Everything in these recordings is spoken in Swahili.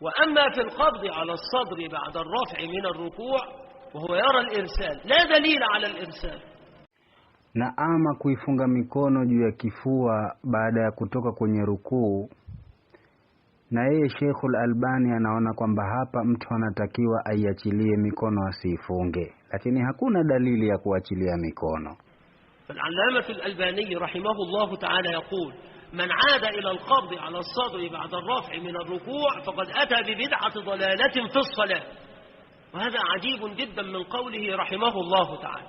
وأما في القبض على الصدر بعد الرفع من الركوع وهو يرى الإرسال لا دليل على الإرسال na ama kuifunga mikono juu ya kifua baada ya kutoka kwenye rukuu na yeye Sheikhul Albani anaona kwamba hapa mtu anatakiwa aiachilie mikono asiifunge, lakini hakuna dalili ya kuachilia mikono. Al-Allama Al-Albani rahimahullah ta'ala yaqul من عاد إلى القبض على الصدر بعد الرفع من الركوع فقد أتى ببدعة ضلالة في الصلاة وهذا عجيب جدا من قوله رحمه الله تعالى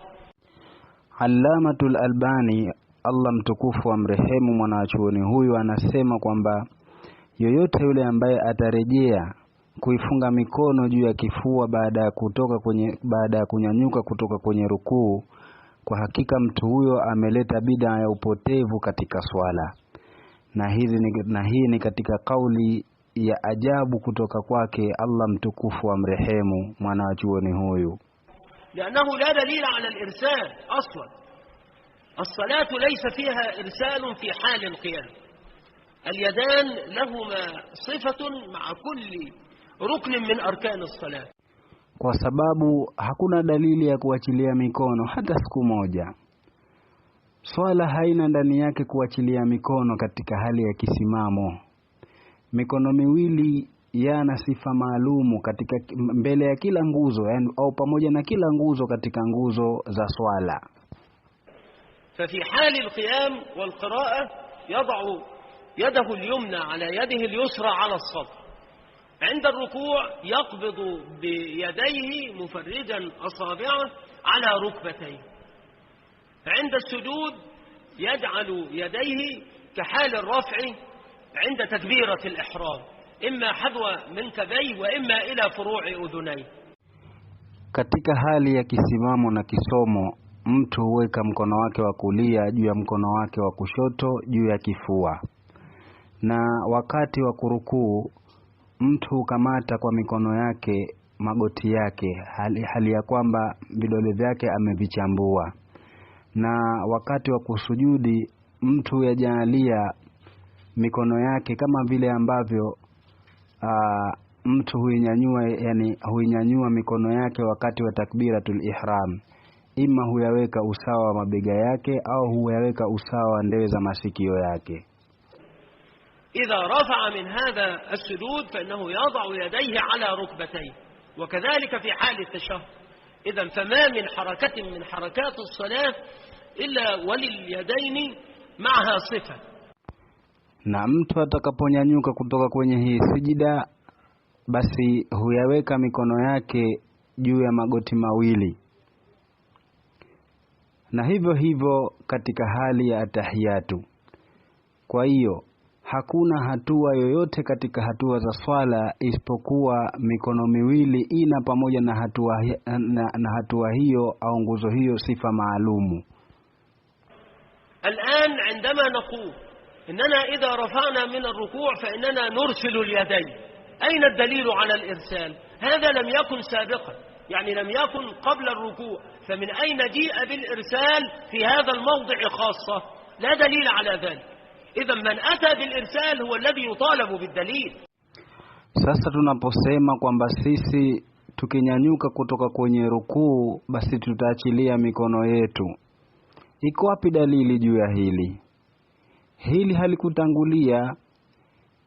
علامة الألباني Allah mtukufu amrehemu mwanachuoni huyu anasema kwamba yoyote yule ambaye atarejea kuifunga mikono juu ya kifua baada ya kutoka kwenye baada ya kunyanyuka kutoka kwenye rukuu, kwa hakika mtu huyo ameleta bidaa ya upotevu katika swala na, hizi, na hii ni katika kauli ya ajabu kutoka kwake Allah mtukufu wa chuoni huyu. lianahu la dalil ala al-irsal aslan as-salatu laysa fiha irsalun fi hal al-qiyam al-yadan lahuma sifatun ma'a kulli ruknin min arkan as-salat, kwa sababu hakuna dalili ya kuachilia mikono hata siku moja. Swala haina ndani yake kuachilia mikono katika hali ya kisimamo. Mikono miwili yana sifa maalumu katika mbele ya kila nguzo yani, au pamoja na kila nguzo katika nguzo za swala. fi hali alqiyam walqiraa yadau yadahu alyumna ala yadihi alyusra ala alsadr inda alruku' yaqbidu biyadayhi mufarrijan asabi'ahu ala rukbatayhi عند السجود يجعل يديه كحال الرفع عند تكبيرة الإحرام إما حذو منكبيه وإما إلى فروع أذنيه Katika hali ya kisimamo na kisomo, mtu huweka mkono wake wa kulia juu ya mkono wake wa kushoto juu ya kifua, na wakati wa kurukuu mtu hukamata kwa mikono yake magoti yake, hali, hali ya kwamba vidole vyake amevichambua na wakati wa kusujudi mtu yajaalia mikono yake kama vile ambavyo aa, ah, mtu huinyanyua yani, huinyanyua mikono yake wakati wa takbiratul ihram, ima huyaweka usawa wa mabega yake au huyaweka usawa wa ndewe za masikio yake. idha rafa'a min hadha as-sujud fa innahu yada'u yadayhi ala rukbatayhi wa fi hali إذا فما من حركة من حركات الصلاة إلا ولليدين معها صفة na mtu atakaponyanyuka kutoka kwenye hii sijida basi huyaweka mikono yake juu ya magoti mawili na hivyo hivyo katika hali ya atahiyatu. Kwa hiyo Hakuna hatua yoyote katika hatua za swala isipokuwa mikono miwili ina pamoja na hatua, na, na hatua hiyo au nguzo hiyo sifa maalumu. الآن عندما نقول إننا إذا رفعنا من الركوع فإننا نرسل اليدين أين الدليل على الإرسال هذا لم يكن سابقا يعني لم يكن قبل الركوع فمن أين جيء بالإرسال في هذا الموضع خاصة لا دليل على ذلك Idha man ata bil هو huwa يطالب بالدليل bidalil. Sasa tunaposema kwamba sisi tukinyanyuka kutoka kwenye rukuu basi tutaachilia mikono yetu, iko wapi dalili juu ya hili? Hili halikutangulia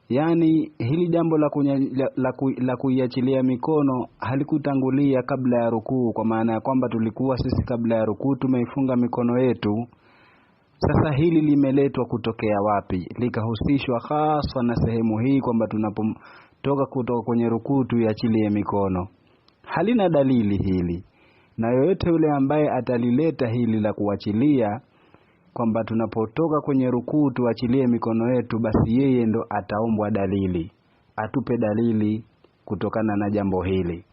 Yaani hili jambo la, kunya, la, la, la kuiachilia mikono halikutangulia kabla ya rukuu, kwa maana ya kwamba tulikuwa sisi kabla ya rukuu tumeifunga mikono yetu. Sasa hili limeletwa kutokea wapi? Likahusishwa hasa na sehemu hii kwamba tunapotoka kutoka kwenye rukuu tuiachilie mikono. Halina dalili hili, na yoyote yule ambaye atalileta hili la kuachilia kwamba tunapotoka kwenye rukuu tuachilie mikono yetu, basi yeye ndo ataombwa dalili, atupe dalili kutokana na jambo hili.